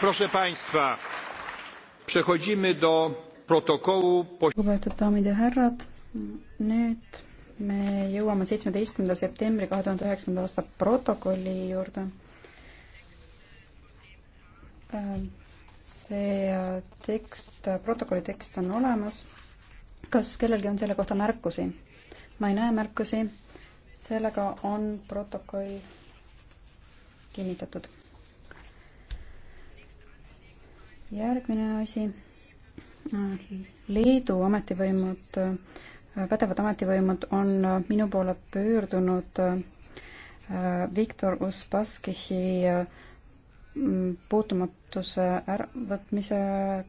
proszę państwa przechodzimy do protokołu lugupeetud daamid ja härrad nüüd me jõuame seitsmeteistkümnenda septembri kahe tuhande üheksanda aasta protokolli juurde äh, see tekst protokolli tekst on olemas kas kellelgi on selle kohta märkusi ma ei näe märkusi sellega on protokoll kinnitatud järgmine asi. Leedu ametivõimud, pädevad ametivõimud on minu poole pöördunud äh, Viktor Uspaskihi äh, puutumatuse äravõtmise